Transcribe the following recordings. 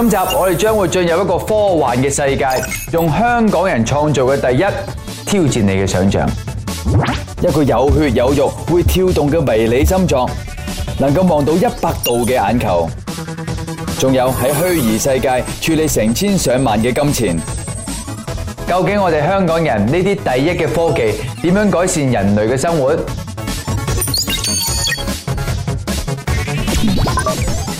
今集我哋將會進入一個科幻嘅世界，用香港人創造嘅第一挑戰你嘅想象。一個有血有肉會跳動嘅迷你心臟，能夠望到一百度嘅眼球，仲有喺虛擬世界處理成千上萬嘅金錢。究竟我哋香港人呢啲第一嘅科技點樣改善人類嘅生活？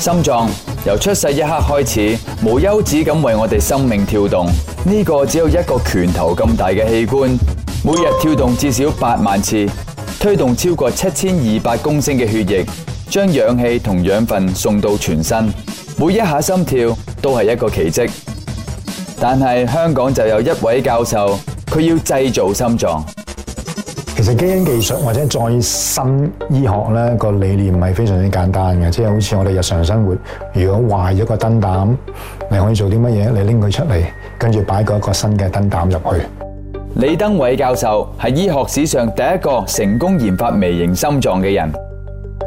心臟。由出世一刻開始，無休止咁為我哋生命跳動。呢個只有一個拳頭咁大嘅器官，每日跳動至少八萬次，推動超過七千二百公升嘅血液，將氧氣同養分送到全身。每一下心跳都係一個奇跡。但係香港就有一位教授，佢要製造心臟。其實基因技術或者再生醫學咧個理念，唔係非常之簡單嘅，即係好似我哋日常生活，如果壞咗個燈膽，你可以做啲乜嘢？你拎佢出嚟，跟住擺過一個新嘅燈膽入去。李登偉教授係醫學史上第一個成功研發微型心臟嘅人，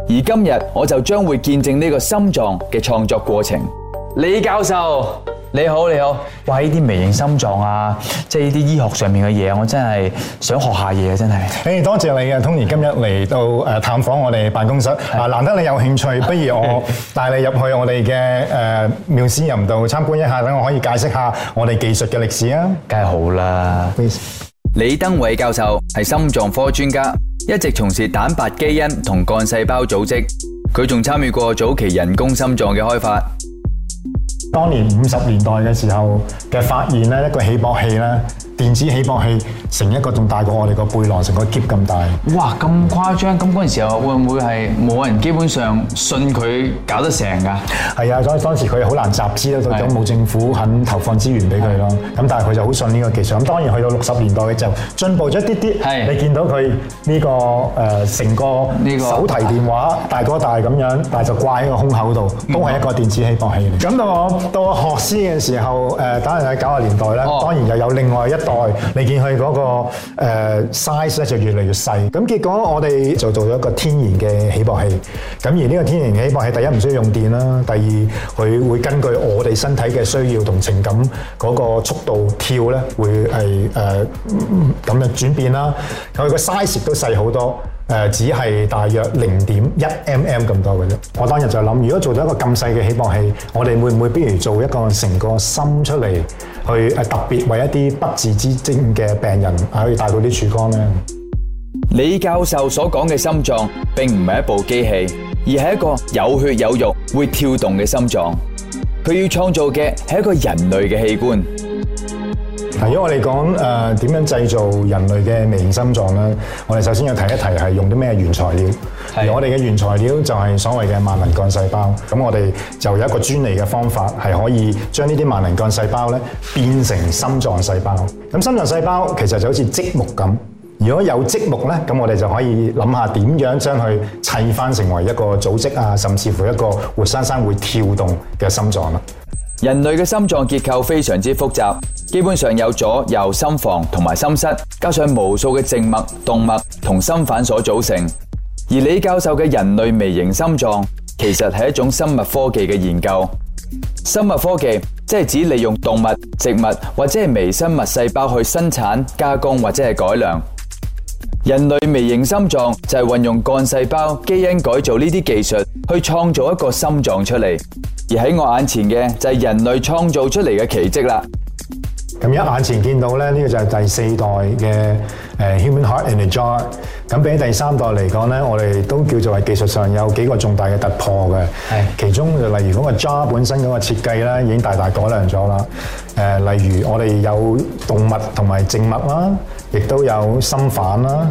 而今日我就將會見證呢個心臟嘅創作過程。李教授。你好，你好！哇，呢啲微型心臟啊，即係呢啲醫學上面嘅嘢，我真係想學下嘢啊！真係。誒，多謝你啊，Tony，今日嚟到誒探訪我哋辦公室啊，難得你有興趣，不如我帶你入去我哋嘅誒妙思人度參觀一下，等我可以解釋下我哋技術嘅歷史啊。梗係好啦。李登偉教授係心臟科專家，一直從事蛋白基因同幹細胞組織，佢仲參與過早期人工心臟嘅開發。當年五十年代嘅時候嘅發現咧，一個起搏器咧。電子起搏器成一個仲大過我哋個背囊，成個喼咁大。哇！咁誇張，咁嗰陣時候會唔會係冇人基本上信佢搞得成㗎？係啊，所以當時佢好難集資啦，咁冇政府肯投放資源俾佢咯。咁但係佢就好信呢個技術。咁當然去到六十年代就進步咗一啲啲，你見到佢呢個誒成個呢個手提電話大哥大咁樣，但係就掛喺個胸口度，都係一個電子起搏器嚟。咁到我到我學醫嘅時候，誒，嗰陣喺九十年代咧，當然又有另外一代你見佢嗰個誒 size 咧就越嚟越細，咁結果我哋就做咗一個天然嘅起搏器。咁而呢個天然嘅起搏器，第一唔需要用電啦，第二佢會根據我哋身體嘅需要同情感嗰個速度跳咧，會係誒咁樣轉變啦。咁佢個 size 都細好多，誒只係大約零點一 mm 咁多嘅啫。我當日就諗，如果做咗一個咁細嘅起搏器，我哋會唔會不如做一個成個心出嚟？去誒特別為一啲不治之症嘅病人，係可以帶到啲曙光咧。李教授所講嘅心臟並唔係一部機器，而係一個有血有肉、會跳動嘅心臟。佢要創造嘅係一個人類嘅器官。係，如果我哋講誒點樣製造人類嘅微型心臟咧，我哋首先要提一提係用啲咩原材料。而我哋嘅原材料就係所謂嘅萬能幹細胞，咁我哋就有一個專利嘅方法，係可以將呢啲萬能幹細胞咧變成心臟細胞。咁心臟細胞其實就好似積木咁，如果有積木咧，咁我哋就可以諗下點樣將佢砌翻成為一個組織啊，甚至乎一個活生生會跳動嘅心臟啦。人類嘅心臟結構非常之複雜，基本上有左右心房同埋心室，加上無數嘅靜脈、動脈同心瓣所組成。而李教授嘅人類微型心臟其實係一種生物科技嘅研究。生物科技即係指利用動物、植物或者係微生物細胞去生產、加工或者係改良。人類微型心臟就係運用幹細胞、基因改造呢啲技術去創造一個心臟出嚟。而喺我眼前嘅就係人類創造出嚟嘅奇蹟啦。咁一眼前見到咧，呢個就係第四代嘅誒 Human Heart in a Jar。咁比起第三代嚟講咧，我哋都叫做係技術上有幾個重大嘅突破嘅。其中就例如嗰個 Jar 本身嗰個設計咧，已經大大改良咗啦。例如我哋有動物同埋植物啦，亦都有心瓣啦。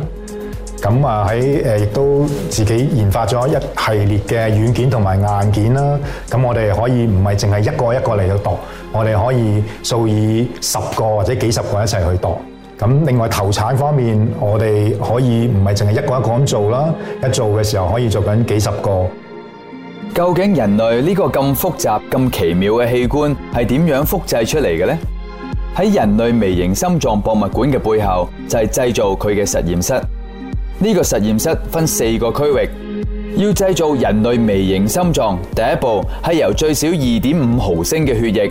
咁啊喺亦都自己研發咗一系列嘅軟件同埋硬件啦。咁我哋可以唔係淨係一個一個嚟到度，我哋可以數以十個或者幾十個一齊去度。咁另外投產方面，我哋可以唔係淨係一個一個咁做啦，一做嘅時候可以做緊幾十個。究竟人類呢個咁複雜、咁奇妙嘅器官係點樣複製出嚟嘅呢？喺人類微型心臟博物館嘅背後，就係製造佢嘅實驗室。呢個實驗室分四個區域，要製造人類微型心臟，第一步係由最少二點五毫升嘅血液。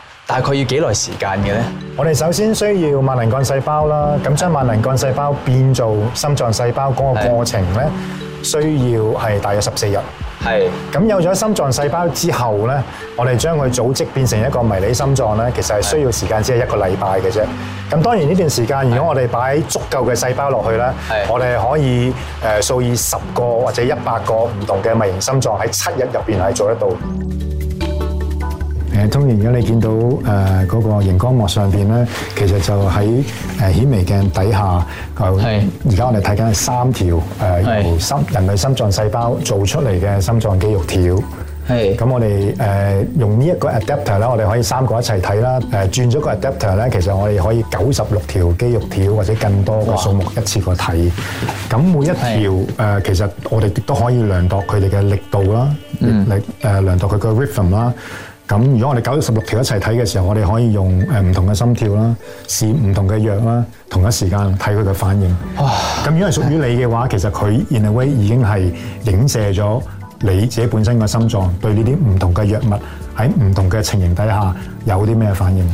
大概要幾耐時間嘅咧？我哋首先需要萬能幹細胞啦，咁將萬能幹細胞變做心臟細胞嗰個過程咧，需要係大約十四日。係咁有咗心臟細胞之後咧，我哋將佢組織變成一個迷你心臟咧，其實係需要時間只係一個禮拜嘅啫。咁當然呢段時間，如果我哋擺足夠嘅細胞落去咧，我哋係可以誒數以十個或者一百個唔同嘅微型心臟喺七日入邊係做得到。誒，當然而家你見到誒嗰個熒光幕上邊咧，其實就喺誒顯微鏡底下。係。而家我哋睇緊係三條誒由心人類心臟細胞做出嚟嘅心臟肌肉條。係。咁我哋誒用呢一個 adapter 咧，我哋可以三個一齊睇啦。誒轉咗個 adapter 咧，其實我哋可以九十六條肌肉條或者更多嘅數目一次過睇。咁每一條誒，其實我哋都可以量度佢哋嘅力度啦，力誒量度佢嘅 rhythm 啦。咁如果我哋九十六條一齊睇嘅時候，我哋可以用誒唔同嘅心跳啦，試唔同嘅藥啦，同一時間睇佢嘅反應。咁、哦、如果係屬於你嘅話，其實佢 in a way 已經係影射咗你自己本身嘅心臟對呢啲唔同嘅藥物喺唔同嘅情形底下有啲咩反應。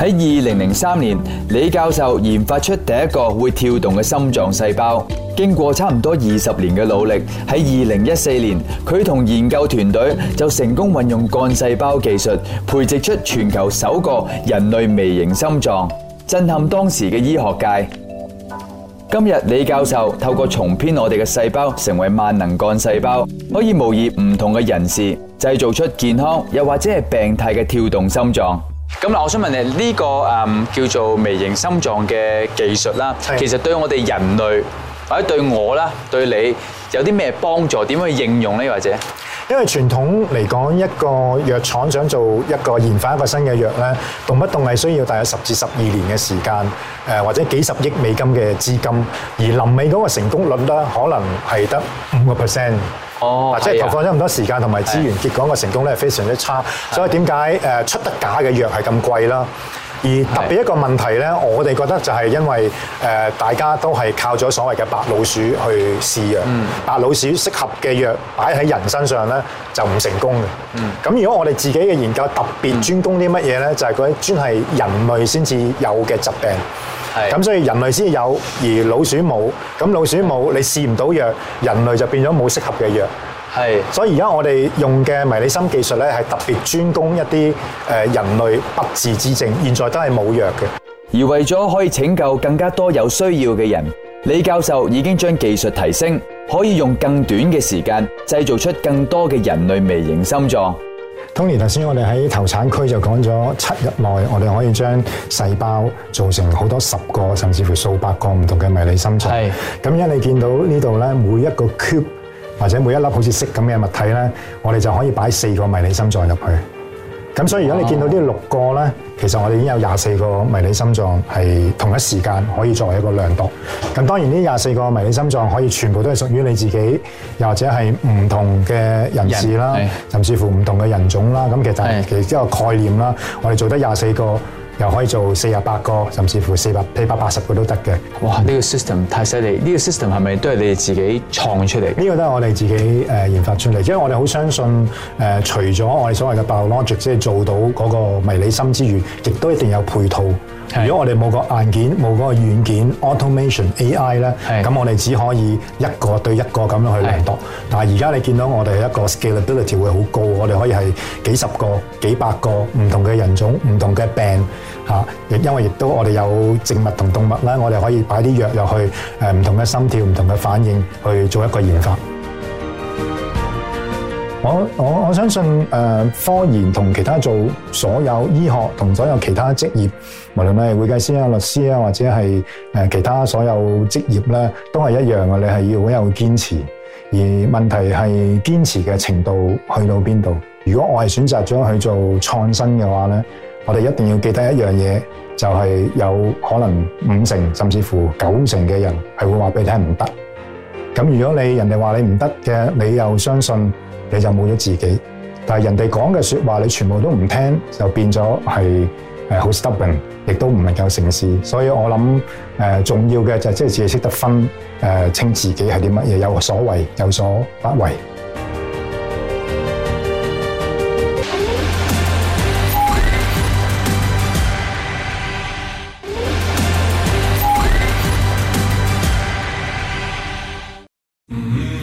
喺二零零三年，李教授研發出第一個會跳動嘅心臟細胞。經過差唔多二十年嘅努力，喺二零一四年，佢同研究團隊就成功運用幹細胞技術，培植出全球首個人類微型心臟，震撼當時嘅醫學界。今日李教授透過重編我哋嘅細胞，成為萬能幹細胞，可以模擬唔同嘅人士，製造出健康又或者係病態嘅跳動心臟。咁嗱，我想問你呢個誒叫做微型心臟嘅技術啦，其實對我哋人類或者對我啦，對你有啲咩幫助？點樣去應用呢？或者因為傳統嚟講，一個藥廠想做一個研發一個新嘅藥咧，動不動係需要大約十至十二年嘅時間，誒或者幾十億美金嘅資金，而臨尾嗰個成功率咧，可能係得五個 percent。哦，即係投放咗咁多時間同埋資源，結果個成功率非常之差，所以點解誒出得假嘅藥係咁貴啦？而特別一個問題咧，我哋覺得就係因為誒大家都係靠咗所謂嘅白老鼠去試藥，嗯、白老鼠適合嘅藥擺喺人身上咧就唔成功嘅。咁、嗯、如果我哋自己嘅研究特別專攻啲乜嘢咧，就係嗰啲專係人類先至有嘅疾病。咁所以人類先有，而老鼠冇。咁老鼠冇，你試唔到藥，人類就變咗冇適合嘅藥。係。所以而家我哋用嘅迷你心技術咧，係特別專攻一啲誒人類不治之症，現在都係冇藥嘅。而為咗可以拯救更加多有需要嘅人，李教授已經將技術提升，可以用更短嘅時間製造出更多嘅人類微型心臟。Tony，頭先我哋喺投產區就講咗七日內，我哋可以將細胞做成好多十個甚至乎數百個唔同嘅迷你心臟。咁因為你見到呢度呢，每一個 cube 或者每一粒好似色咁嘅物體呢，我哋就可以擺四個迷你心臟入去。咁所以如果你見到呢六個咧、哦，其實我哋已經有廿四個迷你心臟係同一時間可以作為一個量度。咁當然呢廿四個迷你心臟可以全部都係屬於你自己，又或者係唔同嘅人士啦，甚至乎唔同嘅人種啦。咁其實其實一個概念啦。我哋做得廿四個。又可以做四十八個，甚至乎四百、四百八十個都得嘅。哇！呢個 system 太犀利，呢個 system 係咪都係你哋自己創出嚟？呢個都係我哋自己誒研發出嚟，因為我哋好相信誒，除咗我哋所謂嘅爆 logic，即係做到嗰個迷你心之餘，亦都一定有配套。如果我哋冇個硬件，冇嗰個軟件 Automation AI 咧，咁我哋只可以一個對一個咁樣去量度。但係而家你見到我哋一個 scalability 會好高，我哋可以係幾十個、幾百個唔同嘅人種、唔同嘅病吓。亦因為亦都我哋有植物同動物啦。我哋可以擺啲藥入去誒唔同嘅心跳、唔同嘅反應去做一個研發。我我我相信誒，科研同其他做所有醫學同所有其他職業，無論係會計師啊律師啊，或者係誒其他所有職業咧，都係一樣嘅。你係要好有堅持，而問題係堅持嘅程度去到邊度？如果我係選擇咗去做創新嘅話咧，我哋一定要記得一樣嘢，就係有可能五成甚至乎九成嘅人係會話俾你聽唔得。咁如果你人哋話你唔得嘅，你又相信？你就冇咗自己，但係人哋講嘅説話你全部都唔聽，就變咗係誒好 stubborn，亦都唔能夠成事。所以我諗誒重要嘅就即係自己識得分誒，清自己係啲乜嘢，有所為有所不為。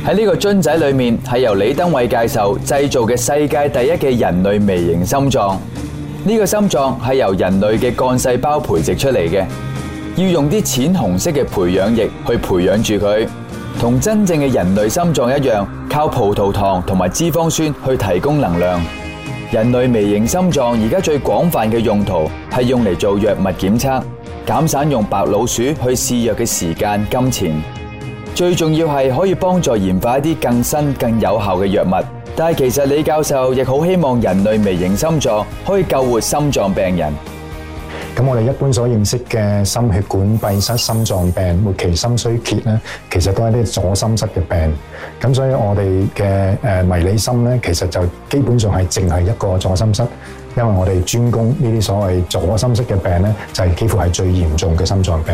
喺呢個樽仔裏面，係由李登偉教授製造嘅世界第一嘅人類微型心臟。呢個心臟係由人類嘅幹細胞培植出嚟嘅，要用啲淺紅色嘅培養液去培養住佢，同真正嘅人類心臟一樣，靠葡萄糖同埋脂肪酸去提供能量。人類微型心臟而家最廣泛嘅用途係用嚟做藥物檢測，減省用白老鼠去試藥嘅時間、金錢。最重要係可以幫助研發一啲更新、更有效嘅藥物。但係其實李教授亦好希望人類微型心臟可以救活心臟病人。咁我哋一般所認識嘅心血管閉塞、心臟病、末期心衰竭咧，其實都係啲左心室嘅病。咁所以我哋嘅誒迷你心咧，其實就基本上係淨係一個左心室，因為我哋專攻呢啲所謂左心室嘅病咧，就係幾乎係最嚴重嘅心臟病。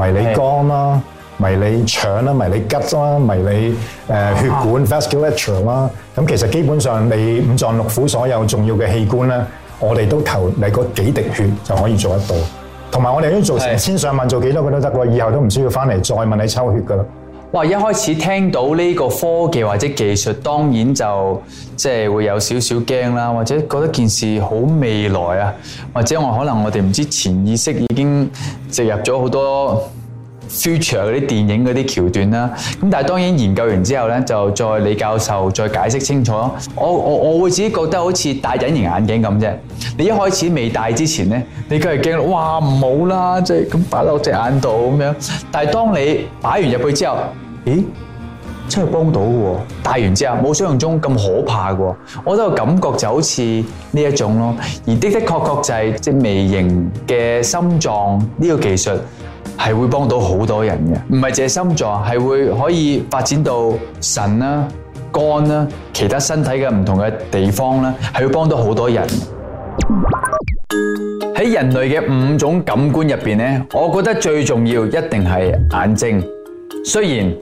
迷你肝啦，迷你腸啦，迷你骨啦，迷你誒血管 vasculature 啦，咁、啊、其實基本上你五臟六腑所有重要嘅器官咧，我哋都求你嗰幾滴血就可以做得到，同埋我哋已經做成千上萬做，做幾多個都得嘅，以後都唔需要翻嚟再問你抽血啦。哇！一開始聽到呢個科技或者技術，當然就即係會有少少驚啦，或者覺得件事好未來啊，或者我可能我哋唔知潛意識已經植入咗好多 Future 嗰啲電影嗰啲橋段啦，咁但係當然研究完之後咧，就再李教授再解釋清楚咯。我我我會自己覺得好似戴隱形眼鏡咁啫。你一開始未戴之前咧，你梗係驚啦，哇唔好啦，即係咁擺落隻眼度咁樣。但係當你擺完入去之後，咦、欸，真係幫到嘅喎！戴完之後冇想像中咁可怕嘅喎，我覺得個感覺就好似呢一種咯。而的的確確就係即係微型嘅心臟呢個技術。係會幫到好多人嘅，唔係只有心臟，係會可以發展到腎啦、肝啦、其他身體嘅唔同嘅地方啦，係會幫到好多人。喺 人類嘅五種感官入面呢，我覺得最重要一定係眼睛。雖然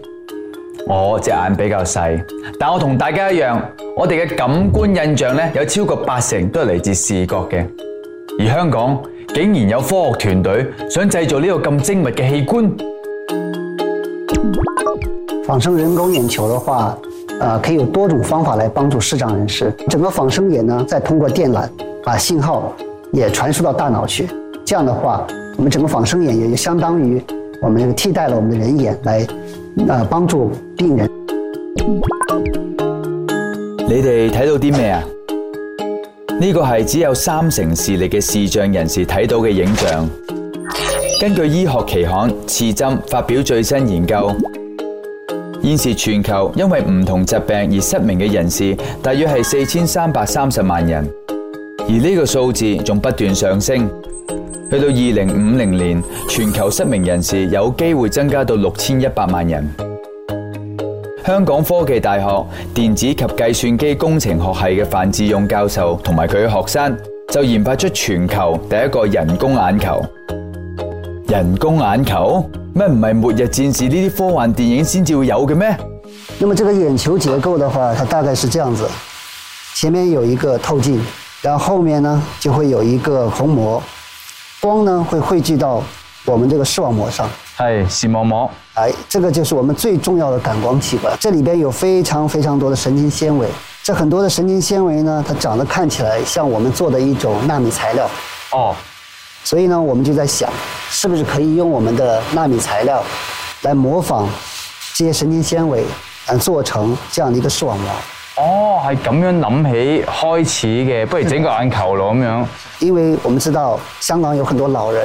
我隻眼比較細，但我同大家一樣，我哋嘅感官印象呢，有超過八成都係嚟自視覺嘅，而香港，竟然有科學團隊想製造呢個咁精密嘅器官？仿生人工眼球的話，啊，可以有多種方法來幫助視障人士。整個仿生眼呢，再通過電纜把信號也傳輸到大腦去。這樣的話，我們整個仿生眼也就相當於我們替代了我們的人眼來，啊，幫助病人。你哋睇到啲咩啊？呢個係只有三成視力嘅視障人士睇到嘅影像。根據醫學期刊《刺針》發表最新研究，現時全球因為唔同疾病而失明嘅人士大約係四千三百三十萬人，而呢個數字仲不斷上升，去到二零五零年，全球失明人士有機會增加到六千一百萬人。香港科技大學電子及計算機工程學系嘅范志勇教授同埋佢嘅學生就研發出全球第一個人工眼球。人工眼球咩？唔係末日戰士呢啲科幻電影先至會有嘅咩？那麼這個眼球結構的話，它大概是這樣子，前面有一個透鏡，然後後面呢就會有一個虹膜，光呢會匯聚到我們這個視網膜上。哎，細毛毛，哎，這個就是我們最重要的感光器官，這裏邊有非常非常多的神經纖維，這很多的神經纖維呢，它長得看起來像我們做的一種納米材料，哦，所以呢，我們就在想，是不是可以用我們的納米材料來模仿這些神經纖維，來做成這樣的一個視網膜。哦，係咁樣諗起開始嘅，不如整個眼球咯咁樣。因為我們知道香港有很多老人。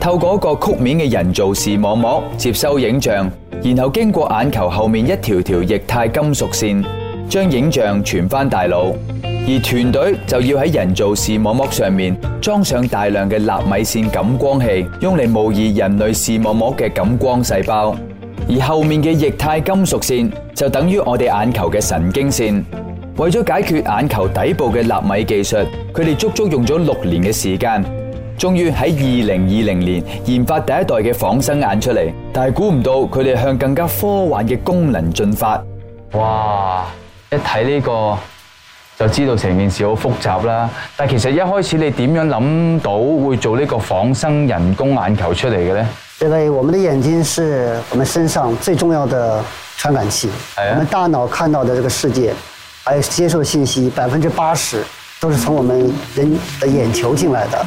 透過一個曲面嘅人造視網膜接收影像，然後經過眼球後面一條條液態金屬線將影像傳翻大腦，而團隊就要喺人造視網膜上面裝上大量嘅納米線感光器，用嚟模擬人類視網膜嘅感光細胞，而後面嘅液態金屬線就等於我哋眼球嘅神經線。為咗解決眼球底部嘅納米技術，佢哋足足用咗六年嘅時間。終於喺二零二零年研發第一代嘅仿生眼出嚟，但係估唔到佢哋向更加科幻嘅功能進發。哇！一睇呢個就知道成件事好複雜啦。但其實一開始你點樣諗到會做呢個仿生人工眼球出嚟嘅咧？因為我們的眼睛是我們身上最重要的傳感器，我們大腦看到的這個世界，還有接受信息百分之八十都是從我們人嘅眼球進來的。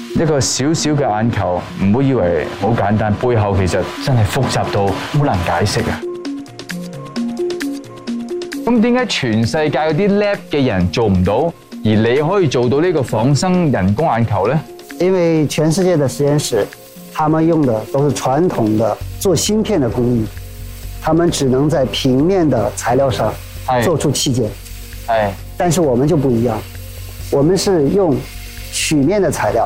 一個小小嘅眼球，唔好以為好簡單，背後其實真係複雜到好難解釋啊！咁點解全世界嗰啲叻嘅人做唔到，而你可以做到呢個仿生人工眼球咧？因為全世界的實驗室，他們用的都是傳統的做芯片的工藝，他們只能在平面的材料上做出器件。是。但是我們就不一樣，我們是用曲面的材料。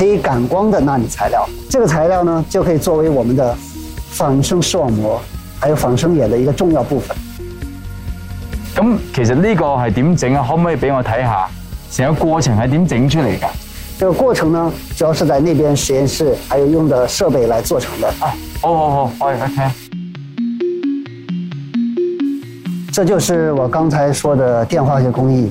可以感光的納米材料，這個材料呢，就可以作為我們的仿生視網膜，還有仿生眼的一個重要部分。咁其實呢個係點整啊？可唔可以俾我睇下？成個過程係點整出嚟噶這個過程呢，主要是在那邊實驗室，還有用的設備來做成的啊。好好，好，OK。這就是我剛才說的電化學工藝。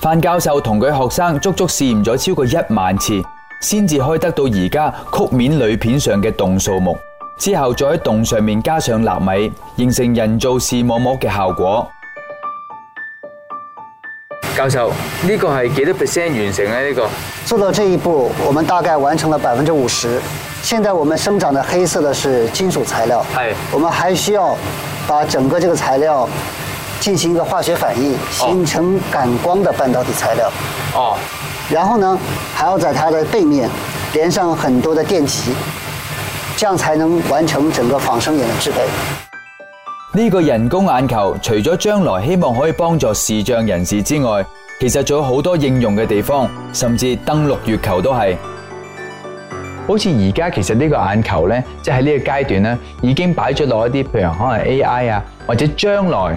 范教授同佢學生足足試驗咗超過一萬次，先至可以得到而家曲面鋁片上嘅洞數目。之後再喺洞上面加上納米，形成人造視網膜嘅效果。教授，呢、這個係幾多 percent 完成呢？呢個做到這一步，我們大概完成了百分之五十。現在我們生長的黑色的是金屬材料，係，我們還需要把整個這個材料，進行一個化學反應，形成感光的半導體材料。哦、oh.，然後呢，還要在它的背面連上很多的電極，這樣才能完成整個仿生眼的製備。呢個人工眼球除咗將來希望可以幫助視障人士之外，其實仲有好多應用嘅地方，甚至登陸月球都係。好似而家其實呢個眼球呢，即係喺呢個階段呢已經擺咗落一啲，譬如可能 AI 啊，或者將來。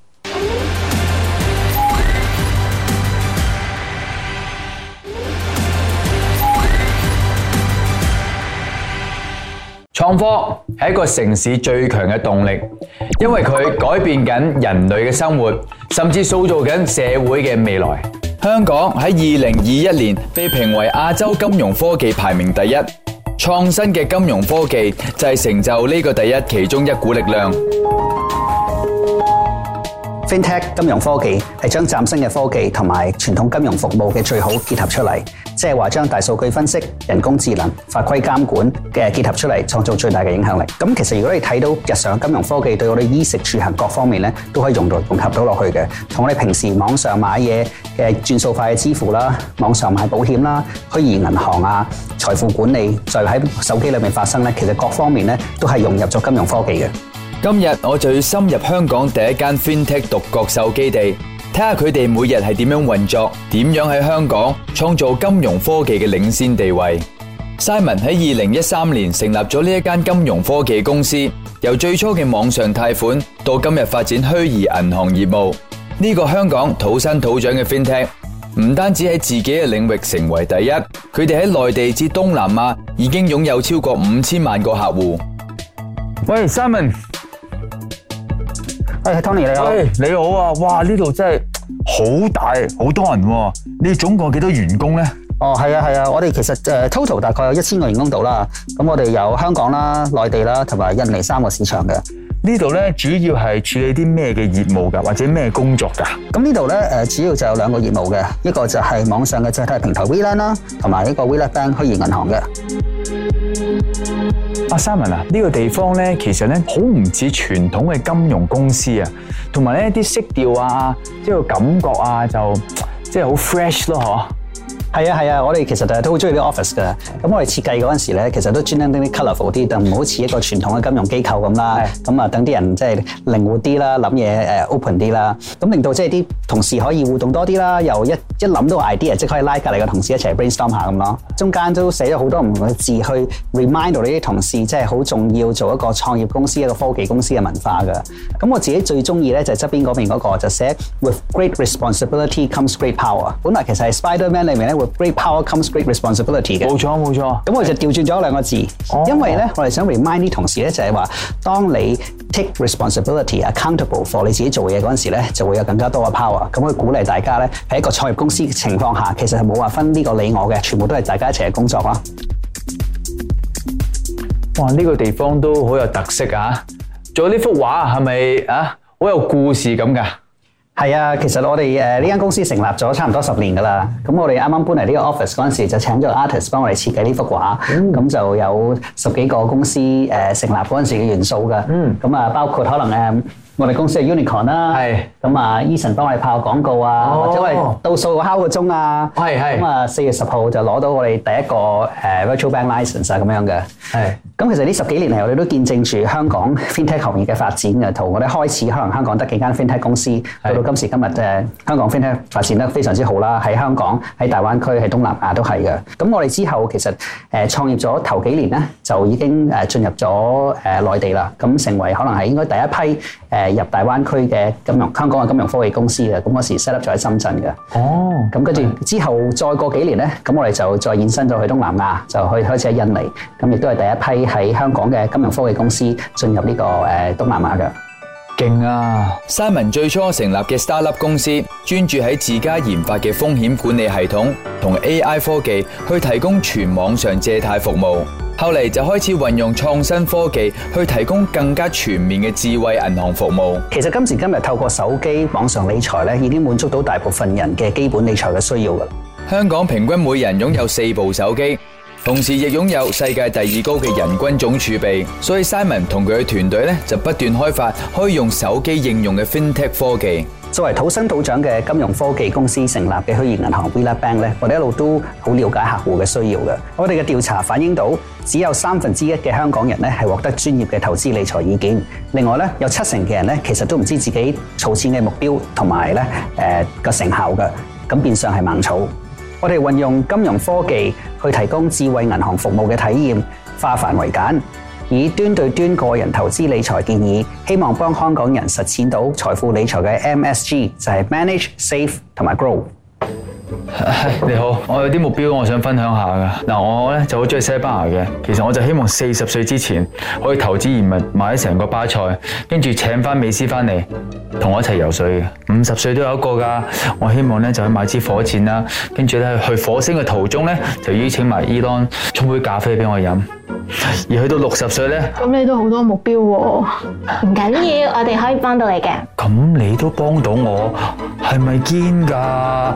港科技係一個城市最強嘅動力，因為佢改變緊人類嘅生活，甚至塑造緊社會嘅未來。香港喺二零二一年被評為亞洲金融科技排名第一，創新嘅金融科技就係成就呢個第一其中一股力量。FinTech 金融科技係將嶄新嘅科技同埋傳統金融服務嘅最好結合出嚟，即係話將大數據分析、人工智能、法規監管嘅結合出嚟，創造最大嘅影響力。咁其實如果你睇到日常金融科技對我哋衣食住行各方面咧，都可以融到融合到落去嘅，同我哋平時網上買嘢嘅轉數快嘅支付啦，網上買保險啦，虛擬銀行啊，財富管理，就喺手機裏面發生咧，其實各方面咧都係融入咗金融科技嘅。今日我就要深入香港第一間 FinTech 獨角獸基地，睇下佢哋每日係點樣運作，點樣喺香港創造金融科技嘅領先地位。Simon 喺二零一三年成立咗呢一間金融科技公司，由最初嘅網上貸款，到今日發展虛擬銀行業務。呢個香港土生土長嘅 FinTech，唔單止喺自己嘅領域成為第一，佢哋喺內地至東南亞已經擁有超過五千萬個客戶。喂，Simon。誒、hey，Tony 你好，你好啊，哇，呢度真係好大，好多人喎。你總共幾多員工咧？哦，係啊，係啊，我哋其實誒 total 大概有一千個員工度啦。咁我哋有香港啦、內地啦，同埋印尼三個市場嘅。呢度咧主要係處理啲咩嘅業務噶，或者咩工作噶？咁呢度咧誒，主要就有兩個業務嘅，一個就係網上嘅借貸平台 WeLab 啦，同埋呢個 WeLab Bank 虛擬銀行嘅。阿 Simon 啊，呢個地方呢，其實呢，好唔似傳統嘅金融公司啊，同埋呢啲色調啊，呢個感覺啊，就即係好 fresh 咯，嗬。係啊係啊，我哋其實都好中意啲 office 㗎。咁我哋設計嗰陣時咧，其實都專登啲 colourful 啲，但唔好似一個傳統嘅金融機構咁啦。咁啊，等啲人即係靈活啲啦，諗嘢 open 啲啦。咁令到即係啲同事可以互動多啲啦，又一一諗到 idea 即可以拉隔離嘅同事一齊 brainstorm 一下咁咯。中間都寫咗好多唔同嘅字，去 remind 呢啲同事即係好重要做一個創業公司一個科技公司嘅文化㗎。咁我自己最中意咧就係側邊嗰邊嗰個就寫 With great responsibility comes great power。本來其實係 Spider Man 裡面咧。Great power comes great responsibility 嘅，冇錯冇錯。咁我就調轉咗兩個字，哦、因為咧、哦，我哋想 remind 啲同事咧，就係話，當你 take responsibility accountable for 你自己做嘢嗰陣時咧，就會有更加多嘅 power。咁我鼓勵大家咧，喺一個創業公司嘅情況下，其實係冇話分呢個你我嘅，全部都係大家一齊嘅工作啦。哇！呢、呢個地方都好有特色啊！仲有呢幅畫係咪啊？好有故事咁㗎？係啊，其實我哋誒呢間公司成立咗差唔多十年㗎啦。咁我哋啱啱搬嚟呢個 office 嗰陣時，就請咗 artist 幫我哋設計呢幅畫。咁、嗯、就有十幾個公司誒成立嗰陣時嘅元素㗎。咁、嗯、啊，包括可能誒我哋公司係 Unicorn 啦，咁啊，Eason 幫我哋拍個廣告啊，或者我哋倒數敲個鐘啊，咁啊，四月十號就攞到我哋第一個誒 Virtual Bank License 啊，咁樣嘅。咁其實呢十幾年嚟，我哋都見證住香港 FinTech 行業嘅發展嘅，同我哋開始可能香港得幾間 FinTech 公司，到到今時今日誒香港 FinTech 發展得非常之好啦，喺香港、喺大灣區、喺東南亞都係嘅。咁我哋之後其實誒創業咗頭幾年咧，就已經誒進入咗誒內地啦，咁成為可能係應該第一批誒。入大灣區嘅金融香港嘅金融科技公司嘅，咁嗰時 set up 咗喺深圳嘅。哦，咁跟住之後再過幾年咧，咁我哋就再延伸咗去東南亞，就去開始喺印尼，咁亦都係第一批喺香港嘅金融科技公司進入呢個誒東南亞嘅。勁啊！Simon 最初成立嘅 start-up 公司，專注喺自家研發嘅風險管理系統、同 AI 科技，去提供全網上借貸服務。後嚟就開始運用創新科技，去提供更加全面嘅智慧銀行服務。其實今時今日，透過手機網上理財咧，已經滿足到大部分人嘅基本理財嘅需要噶。香港平均每人擁有四部手機。同時亦擁有世界第二高嘅人均總儲備，所以 Simon 同佢嘅團隊咧就不斷開發可以用手機應用嘅 FinTech 科技。作為土生土長嘅金融科技公司成立嘅虛擬銀行 WeLab Bank 咧,我哋一路都好了解客戶嘅需要嘅。我哋嘅調查反映到，只有三分之一嘅香港人咧係獲得專業嘅投資理財意見。另外咧，有七成嘅人咧其實都唔知自己儲錢嘅目標同埋咧誒個成效嘅，咁變相係盲儲。我哋運用金融科技去提供智慧銀行服務嘅體驗，化繁為簡，以端對端個人投資理財建議，希望幫香港人實踐到財富理財嘅 MSG，就係 Manage、Save 同埋 Grow。你好，我有啲目標我想分享下噶。嗱，我咧就好中意西班牙嘅。其實我就希望四十歲之前可以投資移民買咗成個巴塞，跟住請翻美斯翻嚟同我一齊游水嘅。五十歲都有一個噶，我希望咧就去買支火箭啦，跟住咧去火星嘅途中咧就邀請埋 Elon 沖杯咖啡俾我飲。而去到六十歲咧，咁你都好多目標喎？唔緊要，我哋可以幫到你嘅。咁你都幫到我，係咪堅噶？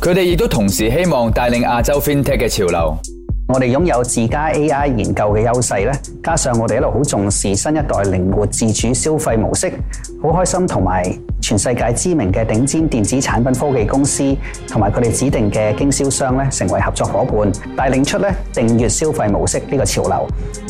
佢哋亦都同時希望帶領亞洲 FinTech 嘅潮流。我哋擁有自家 AI 研究嘅優勢咧，加上我哋一路好重視新一代靈活自主消費模式，好開心同埋全世界知名嘅頂尖電子產品科技公司同埋佢哋指定嘅經銷商咧，成為合作夥伴，帶領出咧訂閱消費模式呢個潮流，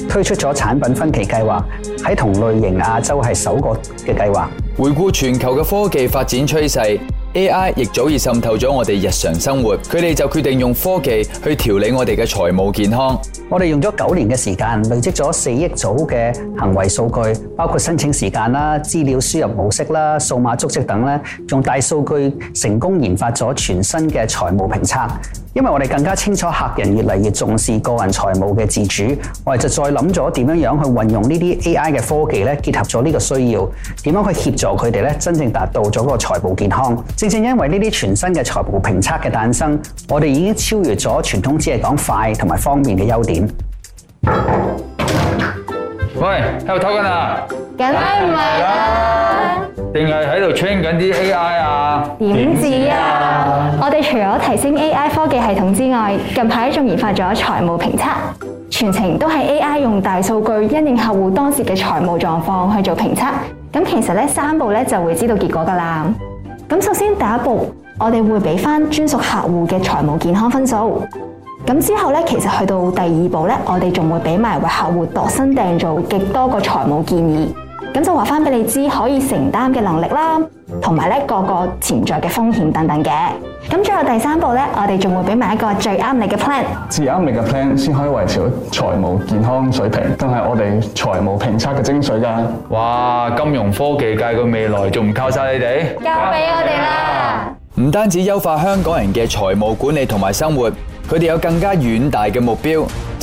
推出咗產品分期計劃，喺同類型亞洲係首個嘅計劃。回顧全球嘅科技發展趨勢。AI 亦早已滲透咗我哋日常生活，佢哋就決定用科技去調理我哋嘅財務健康。我哋用咗九年嘅時間，累積咗四億組嘅行為數據，包括申請時間啦、資料輸入模式啦、數碼足跡等咧，用大數據成功研發咗全新嘅財務評測。因為我哋更加清楚客人越嚟越重視個人財務嘅自主，我哋就再諗咗點樣樣去運用呢啲 AI 嘅科技咧，結合咗呢個需要，點樣去協助佢哋咧，真正達到咗個財務健康。正正因為呢啲全新嘅財務評測嘅誕生，我哋已經超越咗傳統只係講快同埋方便嘅優點。喂、hey，喺度偷緊啊？梗唔定係喺度 train 緊啲 AI 啊？點知啊！我哋除咗提升 AI 科技系統之外，近排仲研發咗財務評測，全程都係 AI 用大數據，因應客戶當時嘅財務狀況去做評測。咁其實咧，三步咧就會知道結果噶啦。咁首先第一步，我哋會俾翻專屬客戶嘅財務健康分數。咁之後咧，其實去到第二步咧，我哋仲會俾埋為客戶度身訂造極多個財務建議。咁就話翻俾你知可以承擔嘅能力啦，同埋咧個個潛在嘅風險等等嘅。咁最後第三步咧，我哋仲會俾埋一個最啱你嘅 plan。最啱你嘅 plan 先可以維持財務健康水平，都係我哋財務評測嘅精髓噶。哇！金融科技界嘅未來仲唔靠晒你哋？交俾我哋啦！唔、yeah. 單止優化香港人嘅財務管理同埋生活，佢哋有更加遠大嘅目標。